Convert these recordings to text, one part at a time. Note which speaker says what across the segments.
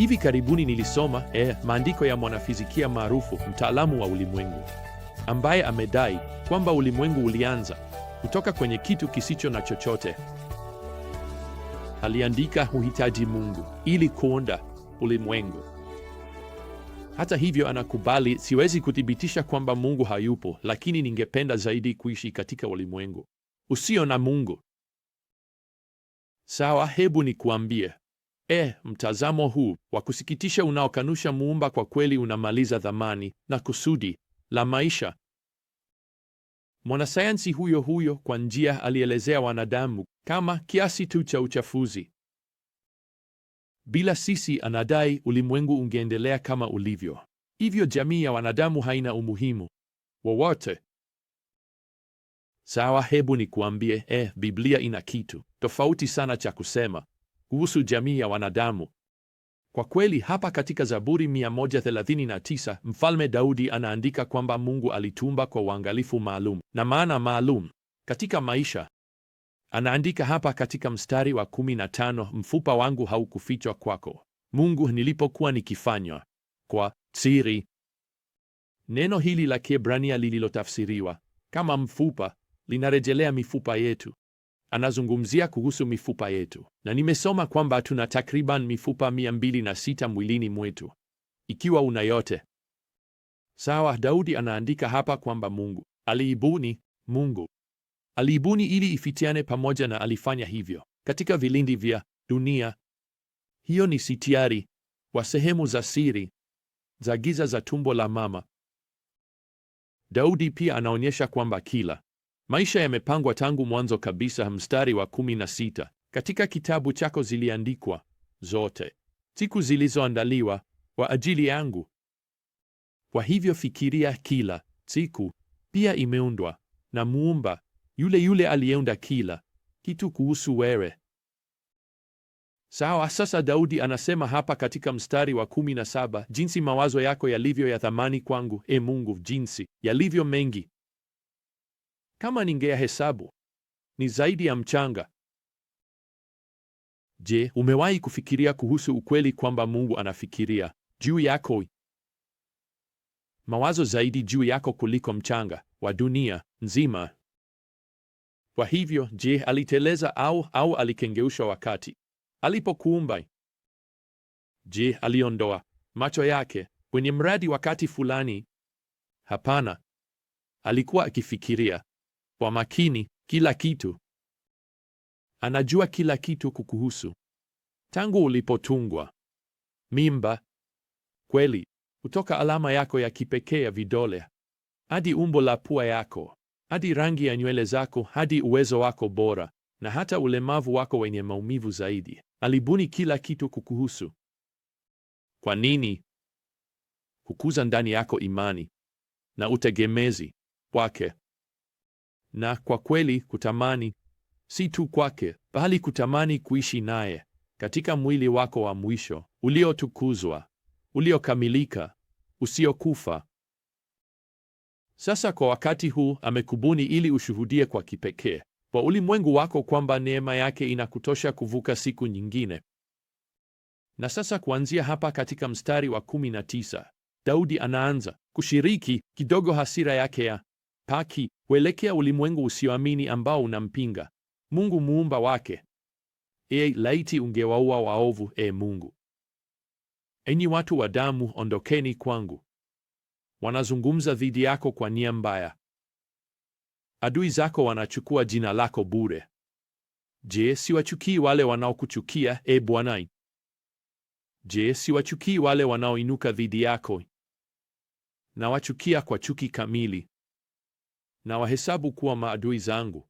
Speaker 1: Hivi karibuni nilisoma eh, maandiko ya mwanafizikia maarufu, mtaalamu wa ulimwengu, ambaye amedai kwamba ulimwengu ulianza kutoka kwenye kitu kisicho na chochote. Aliandika, huhitaji Mungu ili kuunda ulimwengu. Hata hivyo, anakubali, siwezi kuthibitisha kwamba Mungu hayupo, lakini ningependa zaidi kuishi katika ulimwengu usio na Mungu. Sawa, hebu nikuambie, E, mtazamo huu wa kusikitisha unaokanusha muumba kwa kweli unamaliza dhamani na kusudi la maisha. Mwanasayansi huyo huyo kwa njia alielezea wanadamu kama kiasi tu cha uchafuzi. Bila sisi, anadai, ulimwengu ungeendelea kama ulivyo. Hivyo jamii ya wanadamu haina umuhimu wowote. Sawa, hebu nikuambie, eh, Biblia ina kitu tofauti sana cha kusema kuhusu jamii ya wanadamu. Kwa kweli hapa katika Zaburi 139 Mfalme Daudi anaandika kwamba Mungu alituumba kwa uangalifu maalum na maana maalum katika maisha. Anaandika hapa katika mstari wa 15, mfupa wangu haukufichwa kwako, Mungu, nilipokuwa nikifanywa kwa siri. Neno hili la Kiebrania lililotafsiriwa kama mfupa linarejelea mifupa yetu anazungumzia kuhusu mifupa yetu, na nimesoma kwamba tuna takriban mifupa mia mbili na sita mwilini mwetu, ikiwa una yote sawa. Daudi anaandika hapa kwamba Mungu aliibuni, Mungu aliibuni ili ifitiane pamoja, na alifanya hivyo katika vilindi vya dunia. Hiyo ni sitiari wa sehemu za siri za giza za tumbo la mama. Daudi pia anaonyesha kwamba kila Maisha yamepangwa tangu mwanzo kabisa. Mstari wa kumi na sita katika kitabu chako ziliandikwa zote siku zilizoandaliwa kwa ajili yangu. Kwa hivyo fikiria, kila siku pia imeundwa na muumba yule yule aliyeunda kila kitu kuhusu wewe. Sawa. Sasa Daudi anasema hapa katika mstari wa kumi na saba jinsi mawazo yako yalivyo ya thamani kwangu, e Mungu, jinsi yalivyo mengi kama ningeyahesabu ni zaidi ya mchanga. Je, umewahi kufikiria kuhusu ukweli kwamba Mungu anafikiria juu yako? Mawazo zaidi juu yako kuliko mchanga wa dunia nzima. Kwa hivyo, je, aliteleza au au alikengeusha wakati alipokuumba? Je, aliondoa macho yake kwenye mradi wakati fulani? Hapana, alikuwa akifikiria kwa makini kila kitu. Anajua kila kitu kukuhusu tangu ulipotungwa mimba. Kweli, kutoka alama yako ya kipekee ya vidole hadi umbo la pua yako hadi rangi ya nywele zako hadi uwezo wako bora na hata ulemavu wako wenye maumivu zaidi, alibuni kila kitu kukuhusu. Kwa nini? Kukuza ndani yako imani na utegemezi wake na kwa kweli kutamani si tu kwake, bali kutamani kuishi naye katika mwili wako wa mwisho uliotukuzwa, uliokamilika, usiokufa. Sasa kwa wakati huu amekubuni ili ushuhudie kwa kipekee kwa ulimwengu wako kwamba neema yake inakutosha kuvuka siku nyingine. Na sasa kuanzia hapa katika mstari wa 19, Daudi anaanza kushiriki kidogo hasira yake ya paki kuelekea ulimwengu usioamini ambao unampinga Mungu muumba wake. E, laiti ungewaua waovu, e Mungu! Enyi watu wa damu, ondokeni kwangu! Wanazungumza dhidi yako kwa nia mbaya. Adui zako wanachukua jina lako bure. Je, siwachukii wale wanaokuchukia, e Bwana? Je, siwachukii wale wanaoinuka dhidi yako? Nawachukia kwa chuki kamili na wahesabu kuwa maadui zangu.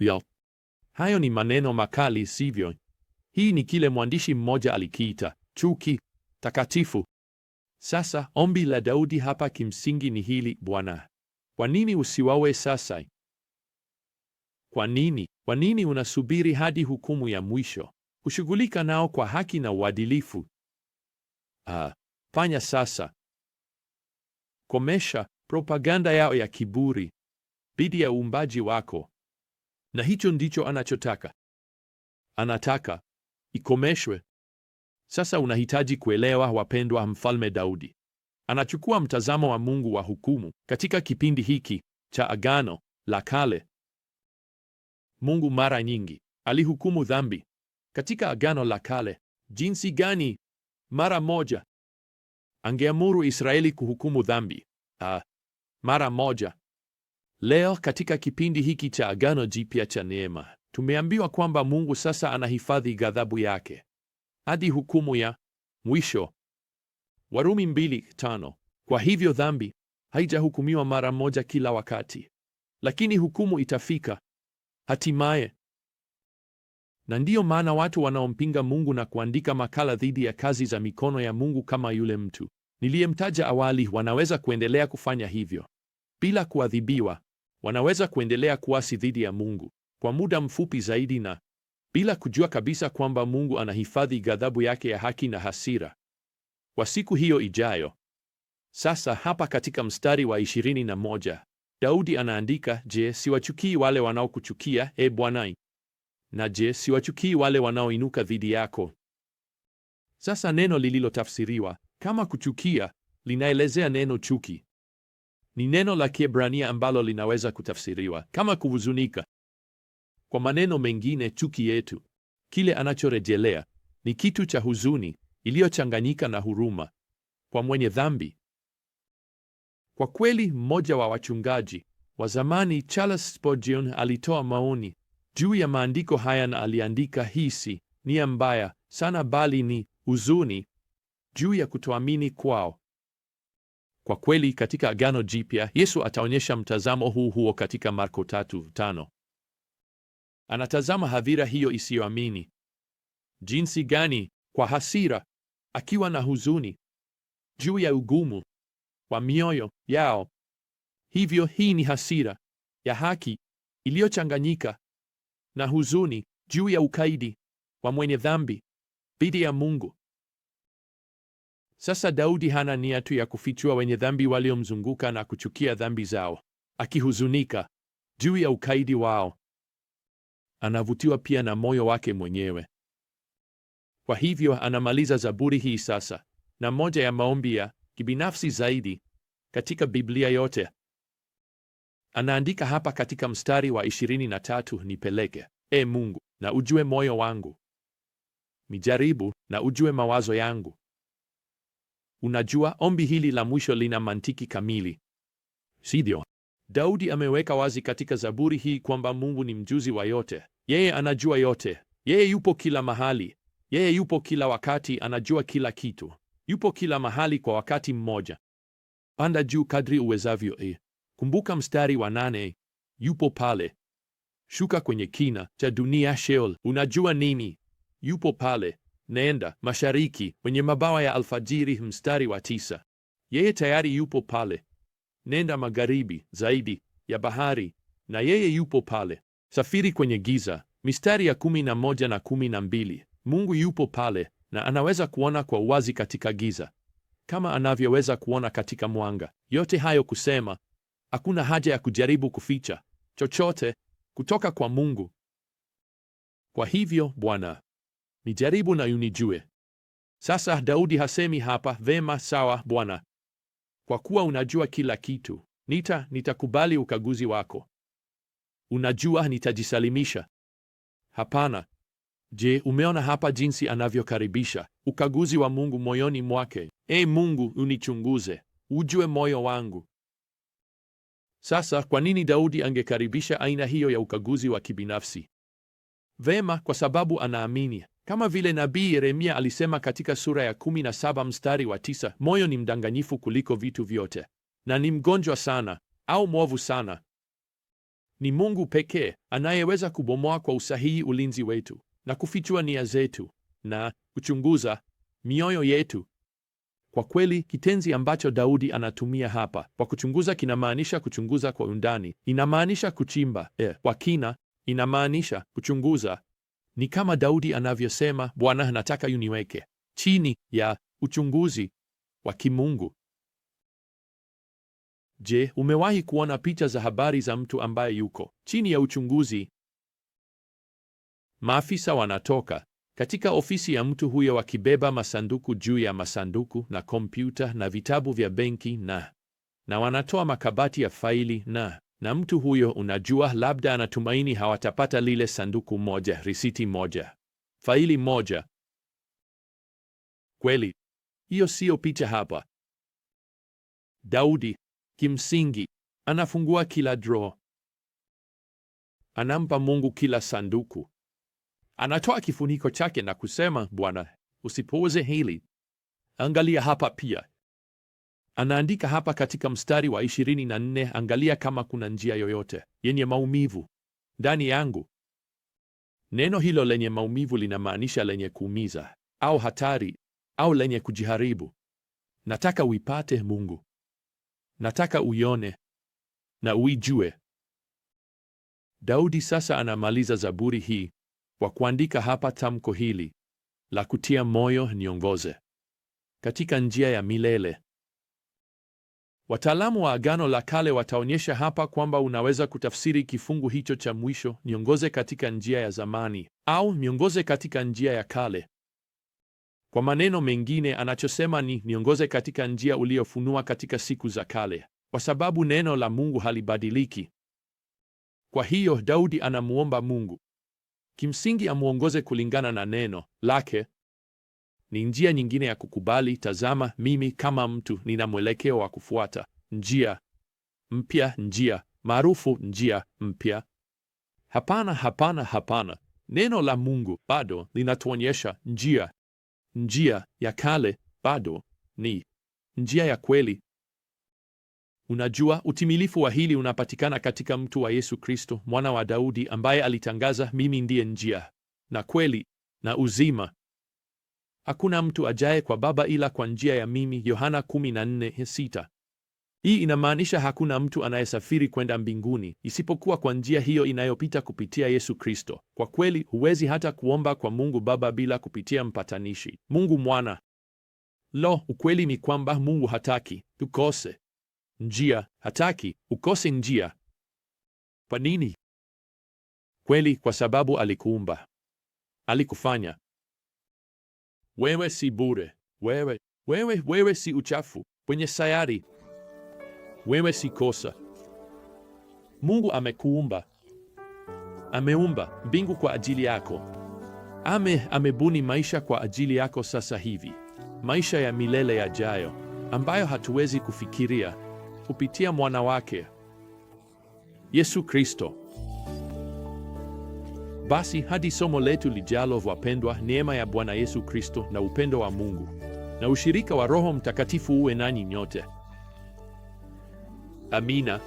Speaker 1: Yo, hayo ni maneno makali, sivyo? Hii ni kile mwandishi mmoja alikiita chuki takatifu. Sasa ombi la Daudi hapa kimsingi ni hili: Bwana, kwa nini usiwawe sasa? Kwa nini? Kwa nini unasubiri hadi hukumu ya mwisho kushughulika nao kwa haki na uadilifu? Ah, fanya sasa, komesha propaganda yao ya kiburi dhidi ya uumbaji wako, na hicho ndicho anachotaka. Anataka ikomeshwe. Sasa unahitaji kuelewa, wapendwa, mfalme Daudi anachukua mtazamo wa Mungu wa hukumu katika kipindi hiki cha Agano la Kale. Mungu mara nyingi alihukumu dhambi katika Agano la Kale. Jinsi gani? Mara moja angeamuru Israeli kuhukumu dhambi. Ah, mara moja. Leo katika kipindi hiki cha Agano Jipya cha Neema, tumeambiwa kwamba Mungu sasa anahifadhi ghadhabu yake hadi hukumu ya mwisho. Warumi mbili tano. Kwa hivyo dhambi haijahukumiwa mara moja kila wakati, lakini hukumu itafika hatimaye. Na ndiyo maana watu wanaompinga Mungu na kuandika makala dhidi ya kazi za mikono ya Mungu kama yule mtu niliyemtaja awali wanaweza kuendelea kufanya hivyo bila kuadhibiwa, wanaweza kuendelea kuasi dhidi ya Mungu kwa muda mfupi zaidi na bila kujua kabisa kwamba Mungu anahifadhi ghadhabu yake ya haki na hasira kwa siku hiyo ijayo. Sasa hapa katika mstari wa 21 Daudi anaandika, je, siwachukii wale wanaokuchukia e Bwana? Na je, siwachukii wale wanaoinuka dhidi yako? Sasa neno lililotafsiriwa kama kuchukia linaelezea neno chuki ni neno la Kiebrania ambalo linaweza kutafsiriwa kama kuhuzunika. Kwa maneno mengine, chuki yetu, kile anachorejelea ni kitu cha huzuni iliyochanganyika na huruma kwa mwenye dhambi. Kwa kweli, mmoja wa wachungaji wa zamani Charles Spurgeon alitoa maoni juu ya maandiko haya na aliandika, hisi nia mbaya sana, bali ni huzuni juu ya kutoamini kwao. Kwa kweli katika Agano Jipya Yesu ataonyesha mtazamo huu huo katika Marko 3:5. Anatazama hadhira hiyo isiyoamini jinsi gani kwa hasira, akiwa na huzuni juu ya ugumu wa mioyo yao. Hivyo hii ni hasira ya haki iliyochanganyika na huzuni juu ya ukaidi wa mwenye dhambi dhidi ya Mungu. Sasa Daudi hana nia tu ya kufichua wenye dhambi waliomzunguka na kuchukia dhambi zao, akihuzunika juu ya ukaidi wao. Anavutiwa pia na moyo wake mwenyewe. Kwa hivyo anamaliza Zaburi hii sasa na moja ya maombi ya kibinafsi zaidi katika Biblia yote. Anaandika hapa katika mstari wa 23, nipeleke e Mungu na ujue moyo wangu, mijaribu na ujue mawazo yangu Unajua, ombi hili la mwisho lina mantiki kamili, sivyo? Daudi ameweka wazi katika Zaburi hii kwamba Mungu ni mjuzi wa yote, yeye anajua yote, yeye yupo kila mahali, yeye yupo kila wakati, anajua kila kitu, yupo kila mahali kwa wakati mmoja. Panda juu kadri uwezavyo, e, kumbuka mstari wa nane, e. yupo pale. Shuka kwenye kina cha dunia, Sheol, unajua nini? Yupo pale. Nenda mashariki kwenye mabawa ya alfajiri, mstari wa tisa. Yeye tayari yupo pale. Nenda magharibi zaidi ya bahari, na yeye yupo pale. Safiri kwenye giza, mistari ya kumi na moja na kumi na mbili. Mungu yupo pale na anaweza kuona kwa uwazi katika giza kama anavyoweza kuona katika mwanga. Yote hayo kusema, hakuna haja ya kujaribu kuficha chochote kutoka kwa Mungu. Kwa hivyo Bwana nijaribu na unijue. Sasa Daudi hasemi hapa, vema sawa Bwana, kwa kuwa unajua kila kitu, nita nitakubali ukaguzi wako. Unajua, nitajisalimisha. Hapana. Je, umeona hapa jinsi anavyokaribisha ukaguzi wa Mungu moyoni mwake? E Mungu, unichunguze, ujue moyo wangu. Sasa kwa nini Daudi angekaribisha aina hiyo ya ukaguzi wa kibinafsi? Vema, kwa sababu anaamini kama vile nabii Yeremia alisema katika sura ya 17 mstari wa tisa moyo ni mdanganyifu kuliko vitu vyote na ni mgonjwa sana au mwovu sana. Ni Mungu pekee anayeweza kubomoa kwa usahihi ulinzi wetu na kufichua nia zetu na kuchunguza mioyo yetu. Kwa kweli, kitenzi ambacho Daudi anatumia hapa kwa kuchunguza kinamaanisha kuchunguza kwa undani, inamaanisha kuchimba eh, kwa kina, inamaanisha kuchunguza ni kama Daudi anavyosema, Bwana nataka uniweke chini ya uchunguzi wa kimungu. Je, umewahi kuona picha za habari za mtu ambaye yuko chini ya uchunguzi? Maafisa wanatoka katika ofisi ya mtu huyo wakibeba masanduku juu ya masanduku na kompyuta na vitabu vya benki na na wanatoa makabati ya faili na na mtu huyo, unajua, labda anatumaini hawatapata lile sanduku moja, risiti moja, faili moja. Kweli, hiyo siyo picha hapa. Daudi kimsingi anafungua kila draw, anampa Mungu kila sanduku, anatoa kifuniko chake na kusema, Bwana, usipuuze hili, angalia hapa pia. Anaandika hapa katika mstari wa 24, angalia kama kuna njia yoyote yenye maumivu ndani yangu. Neno hilo lenye maumivu linamaanisha lenye kuumiza au hatari au lenye kujiharibu. Nataka uipate Mungu, nataka uione na uijue. Daudi sasa anamaliza zaburi hii kwa kuandika hapa tamko hili la kutia moyo, niongoze katika njia ya milele. Wataalamu wa Agano la Kale wataonyesha hapa kwamba unaweza kutafsiri kifungu hicho cha mwisho, niongoze katika njia ya zamani au niongoze katika njia ya kale. Kwa maneno mengine, anachosema ni niongoze katika njia uliofunua katika siku za kale, kwa sababu neno la Mungu halibadiliki. Kwa hiyo Daudi anamuomba Mungu kimsingi amwongoze kulingana na neno lake. Ni njia nyingine ya kukubali, tazama, mimi kama mtu nina mwelekeo wa kufuata, njia mpya, njia maarufu, njia mpya. Hapana, hapana, hapana. Neno la Mungu bado linatuonyesha njia. Njia ya kale bado ni njia ya kweli. Unajua, utimilifu wa hili unapatikana katika mtu wa Yesu Kristo, mwana wa Daudi, ambaye alitangaza, mimi ndiye njia na kweli na uzima. Hakuna mtu ajaye kwa Baba ila kwa njia ya mimi, Yohana 14:6. Hii inamaanisha hakuna mtu anayesafiri kwenda mbinguni isipokuwa kwa njia hiyo inayopita kupitia Yesu Kristo. Kwa kweli, huwezi hata kuomba kwa Mungu Baba bila kupitia mpatanishi, Mungu Mwana. Lo, ukweli ni kwamba Mungu hataki tukose njia, hataki ukose njia. Kwa nini? Kweli, kwa sababu alikuumba, alikufanya wewe si bure, wewe wewe wewe si uchafu kwenye sayari, wewe si kosa. Mungu amekuumba, ameumba mbingu kwa ajili yako, ame amebuni maisha kwa ajili yako sasa hivi, maisha ya milele yajayo ambayo hatuwezi kufikiria kupitia mwana wake Yesu Kristo. Basi hadi somo letu lijalo, wapendwa, neema ya Bwana Yesu Kristo na upendo wa Mungu na ushirika wa Roho Mtakatifu uwe nanyi nyote. Amina.